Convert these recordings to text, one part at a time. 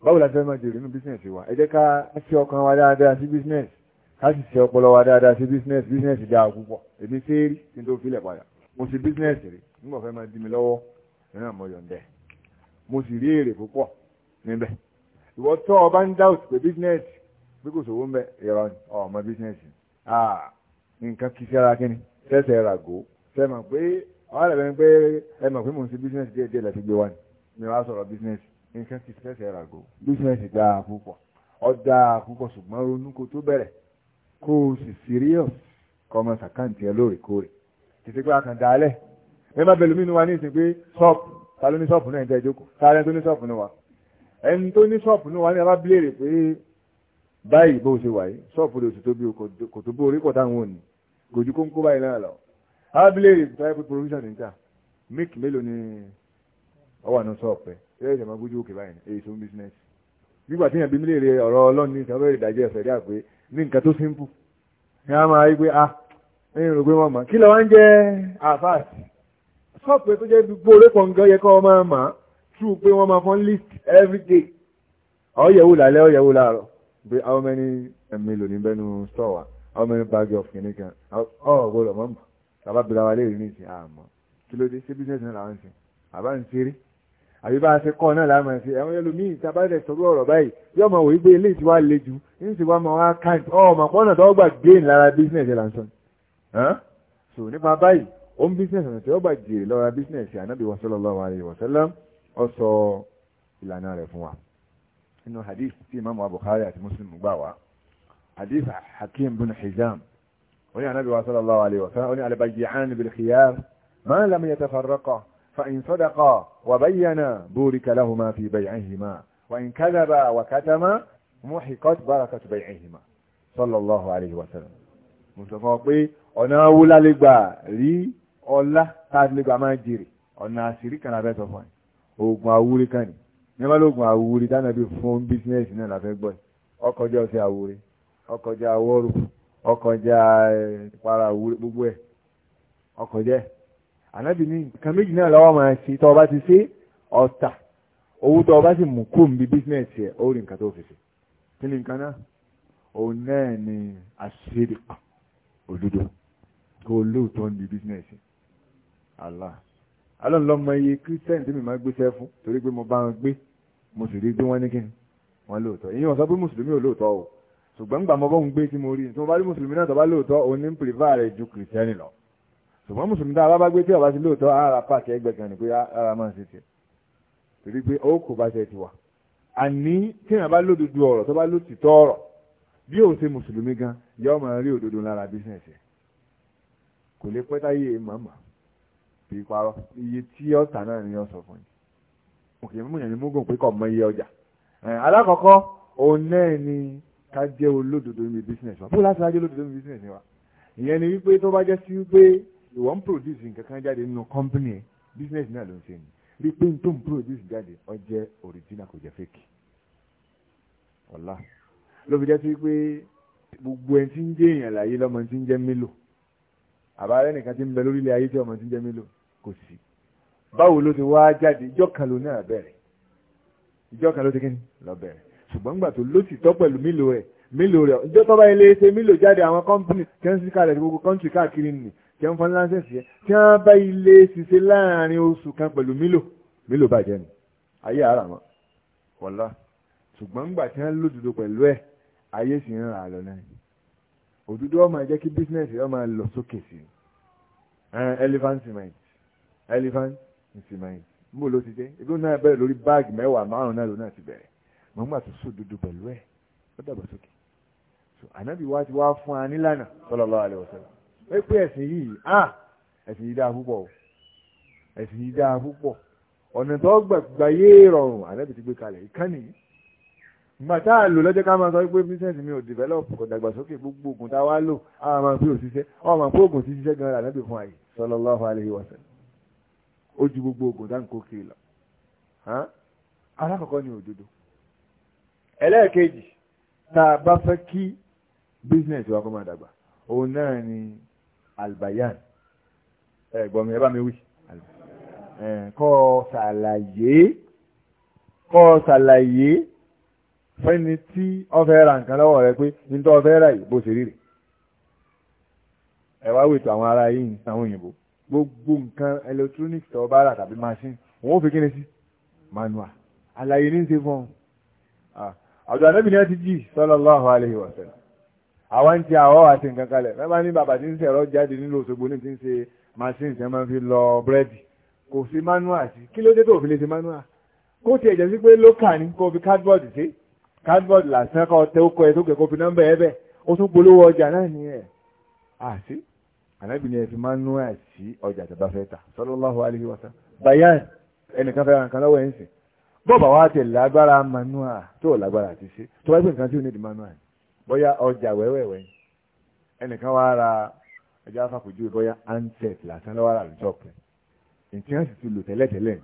báwo la fẹ́ máa jèrè nínú bísínẹ̀sì wa ẹ jẹ́ ká ṣe ọkàn wa dáadáa sí bísínẹ̀sì ká sì ṣe ọpọlọ wa dáadáa sí bísínẹ̀sì bísínẹ̀sì dáa púpọ̀ èmi ṣe é rí kí n tó filẹ̀ padà mo sì bísínẹ̀sì rí nígbà fẹ́ máa di mi lọ́wọ́ nínú àmọ́ yọ̀ǹdẹ́ mo sì rí èrè púpọ̀ níbẹ̀ ìwọ tó o bá ń dáùtì pé bísínẹ̀sì bí kò sówó ń bẹ ìrọ̀ ọmọ bísínẹ̀sì nǹkan kì í kí ni sẹ́sẹ̀ ra gò sẹ́mọ̀ pé àwọn bẹ́ẹ̀ pé ẹ mọ̀ pé mò ń ṣe bísínẹ̀sì díẹ̀ díẹ̀ gbé wa ni mi wá sọ̀rọ̀ bísínẹ̀sì nǹkan ti fẹsẹ̀ rà gò bísíǹsì dáa púpọ̀ ọ dáa púpọ̀ ṣùgbọ́n ronú kó tó bẹ̀rẹ̀ kó o sì serious kọ́ ọmọ sàkáǹtì ẹ lóòrèkóòrè títí pé a kàn dálẹ̀ ẹ má bẹ̀lú mínú wa ní ìsìn pé ṣọ́ọ̀pù ta ló ní ṣọ́ọ̀pù náà ń tẹ́ ìjókòó sáré tó ní ṣọ́ọ̀pù náà wa ẹni tó ní ṣọ́ọ̀pù náà wa ní abá bílèrè pé báyìí bó ṣe wà yìí ṣọ́ọ̀pù rẹ̀ oṣù bí kò tó bó orí kọ̀ táwọn òní gòjú kó ń báyìí náà lọ abá bílèrè pé provision níta mílíkì mélòó ni ọwà ní ṣọ́ọ̀pù ẹ̀ ẹ̀ máa gbójú òkè báyìí èyí tó ń business nígbà tí yàn bí mílíọ̀nù ọ̀rọ̀ ọlọ́run ní ìtàn bẹ́ẹ̀ ìdájọ́ ẹ̀fẹ̀ dí àpé ní nǹkan tó simple ni a máa rí pé a ah, ẹ̀yìn rògbé wọn mọ̀ kí lọ wọ́n jẹ́ àfáàs sọ́ọ̀pù tó jẹ́ gbogbo orí pọ̀ǹgàn yẹ kọ́ máa mà tú pé wọ́n máa fọ́n list every day ọ̀yẹ̀wò lálẹ́ ọ̀yẹ̀wò láàárọ̀ pé how many ẹ̀mí lò ní bẹ́nu store wa how many bag of kìnní kan ọ̀gbọ́dọ̀ mọ̀ mọ̀ tàbá bìlà wa léèrè ní ìsìn àmọ́ kí ló dé ṣé business náà làwọn ń sìn àbá ń ṣeré àbí bá a ṣe kọ́ náà láàmà sí àwọn ẹlòmíì tí a bá rẹ̀ sọ̀rọ̀ ọ̀rọ̀ báyìí yóò mọ̀ wí pé eléyìí ti wá le jù ní ti wá mọ̀ wá káàkiri ọmọ pọ́nà tó gbà gain lára business ẹ̀ lansan so nípa báyìí ó ń business ọ̀nà tí ó gbà jèrè lọ́ra business ànábì sallallahu alaihi wasallam ó sọ ìlànà rẹ̀ fún wa inú hadith tí imaamu Bukhari àti فإن صدقا وبينا بورك لهما في بيعهما وإن كذبا وكتما محقت بركة بيعهما صلى الله عليه وسلم fún ẹ̀ oògùn ànábì ní nǹkan méjì náà lọ́wọ́ máa ṣe tọ́ ọba ti ṣe ọ̀tà owó tọ́ ọba sì mú kó nbí bísínẹ̀sì ẹ̀ ó rí nǹkan tó fi ṣe kí ni nǹkan náà òun náà ni àṣírí òdodo kó lóòótọ́ nbí bísínẹ̀sì Allah alọ́n lọ́ mọ iye kírísítẹ́nì tí mi máa gbéṣẹ́ fún torí pé mo bá wọn gbé mo sì rí bí wọ́n ní kí ni wọ́n lóòótọ́ ìyẹn ọ̀sán pé mùsùlùmí ò lóòótọ́ o ṣùgbọ́n gbàmọ́ bọ́ gbé tí mo rí tí mo bá rí mùsùlùmí náà tó bá lóòótọ́ òun ní ń rẹ̀ ju kìrìsìtẹ́nì lọ ṣùgbọ́n mùsùlùmí tá a bá bá gbé tí ọba sí lóòótọ́ ara pàṣẹ ẹgbẹ̀kan ní pé ara máa ṣe tiẹ̀ torí pé ó kò bá ṣe ti wà àní tí èèyàn bá lódodo ọ̀rọ̀ tó bá ló ti tọ́ ọ̀rọ̀ bí ó ṣe mùsùlùmí gan yóò máa rí òdodo lára bísíǹsì kò lè pẹ́ táyé màmá bí parọ́ iye tí ọ̀tà náà ni yóò sọ fún yìí òkè mímú ni múgùn pé kọ̀ mọ iye ọjà alákọ̀ọ́kọ́ òun náà ni ká jẹ́ olódodo níbi bísíǹsì wa bó láti wá jẹ́ olódodo níbi bísíǹsì ìwọ ń produce nǹkan kan jáde nínú company business náà ló ń ṣe ni rí pé n tó ń produce jáde ó jẹ́ original kò jẹ́ fake ọ̀la ló fi jẹ́ sí pé gbogbo ẹni tí ń jẹ́ èèyàn láyé lọ́mọ tí ń jẹ́ mélò àbárẹ́ nìkan tí ń bẹ lórílẹ̀ ayé tí ọmọ tí ń jẹ́ mélò kò sí báwo ló ti wá jáde ìjọ kan ló náà bẹ̀rẹ̀ ìjọ kan ló ti kíni lọ bẹ̀rẹ̀ ṣùgbọ́n gbà tó ló ti tọ́ pẹ̀lú mélòó rẹ̀ mélòó rẹ̀ ìjọ tó ilé ṣe mélòó jáde àwọn kọ́ńpìnì kẹ́ńsì kalẹ̀ gbogbo kọ́ńtì káàkiri nì tí wọ́n fọ́n láńsẹ̀sì yẹn tí wọ́n bá ilé ṣiṣẹ́ láàrin oṣù kan pẹ̀lú mílò mílò bàjẹ́ ni ayé ara wọn wọ́lá ṣùgbọ́n ńgbà tí wọ́n lòdòdó pẹ̀lú ẹ̀ ayé sì ń rà lọ náà òdòdó ó máa jẹ́ kí bísínẹ́sì ó máa lọ sókè sí elephant cement elephant cement mbó ló ti jẹ́ ebí náà bẹ̀rẹ̀ lórí báàgì mẹ́wàá márùn-ún náà ló náà ti bẹ̀rẹ̀ mọ̀ ńgbà tó sòdodo pẹ̀lú ẹ̀ ó dàgbà so ànábì ti wá fún wa nílànà sallallahu alaihi wasallam pé ẹ̀sìn yìí ah ẹ̀sìn yìí dáa púpọ̀ ẹ̀sìn yìí dáa púpọ̀ ọ̀nà tó gbàgbà yé rọrùn àlẹ́bí ti gbé kalẹ̀ ìkànnì ìgbà tá a lò lọ́jọ́ ká máa sọ pé business mi ò develop kò dàgbàsókè gbogbo oògùn tá a wá lò a máa fi òṣìṣẹ́ ọ máa fún oògùn ṣíṣiṣẹ́ gan-an àlẹ́bí fún àyè sallallahu alaihi wasallam ó ju gbogbo oògùn tá à ń kó kiri lọ alákọ̀ọ́kọ́ ni òdodo ẹlẹ́ẹ̀kejì tá a bá fẹ́ kí business wa kó máa dàgbà òun náà ni albayan ẹ̀gbọ́n mi ẹ bá mi wí kọ́ ṣàlàyé kọ́ ṣàlàyé fẹ́ni tí ó fẹ́ ra nǹkan lọ́wọ́ rẹ pé nítorí ó fẹ́ ra yìí bó ṣe rí rè ẹ wá wètò àwọn ará yìí àwọn òyìnbó gbogbo nǹkan electronics tó bá rà tàbí machine wọn ò fi kíni sí manual àlàyé ní ṣe fún ọ àjọ ànábì ni ti jì sallallahu alaihi wasallam àwọn ti àwọ́ àti nǹkan kalẹ̀ mẹ́bà ní bàbá tí ń ṣe ẹ̀rọ jáde nílò Òṣogbo ní ti ń ṣe machine tí wọ́n máa fi lọ búrẹ́dì kò sí manual sí kí ló dé tó fi lè ṣe manual kó tiẹ̀ jẹ́ sí pé lókà ní kó fi cardboard sí cardboard làṣán kọ́ tẹ ó kọ ẹ tó kẹ́ kó fi nọ́mbà ẹ bẹ́ẹ̀ ó tún polówó ọjà náà ní ẹ̀ àti ànábì ni ẹ fi manual sí ọjà tó bá fẹ́ tà sallallahu alaihi wasallam bayan ẹnìkan fẹ́ràn kan lọ́wọ́ ẹ̀ ń sìn bọ́ọ̀bà wa tẹ̀ lágbára manual tó lágbára àti ṣe tó wáyé pé nǹkan tí ò ní di manual ni bóyá ọjà wẹ́wẹ́wẹ́ ẹnìkan wá ra ẹja afáfojú bóyá handset lásán lọ́wọ́ rà lójọ́ pẹ̀ ǹtí wọ́n sì ti lò tẹ́lẹ̀tẹ́lẹ̀ ní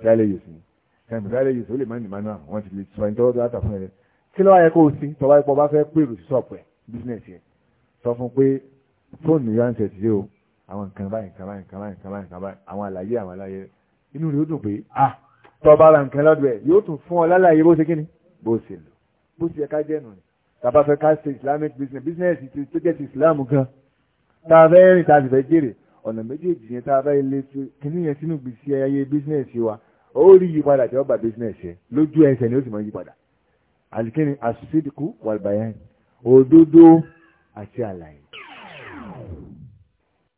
tíálẹ̀ yòsù ní tẹ́lẹ̀ tíálẹ̀ yòsù ó lè má ní manu àwọn wọ́n ti lè sọ ẹni tọ́wọ́ tó látà fún ẹ kí ló wá yẹ kó o sí tọ́wọ́ ipò bá fẹ́ pèrò sí sọ̀pù ẹ̀ bísínẹ̀sì ẹ̀ sọ fún pé fóònù yóò handset yìí o àwọn nǹkan báyìí nǹkan báyìí nǹkan báyìí nǹkan báyìí nǹkan báyìí àwọn àlàyé àwọn àlàyé inú rẹ̀ ó dùn pé ah tọ́ bá ra nǹkan lọ́dọ̀ ẹ̀ yóò tún fún ọ lálàyé bó ṣe kí ni bó ṣe lò bó ṣe yẹ ká jẹ́ nù ni tàbá fẹ́ ká ṣe islamic business business ti tó jẹ́ ti islam gan tá a fẹ́ rìn tá a sì fẹ́ jèrè ọ̀nà méjèèjì yẹn tá a fẹ́ lé tó kíní yẹn sínú gbèsè ayé business wa ó rí yípadà tí ó bá business yẹn lójú ẹsẹ̀ ni ó sì máa yípadà àti kíni àṣìṣe dìkú wàlùbáyà òdodo àti àlàyé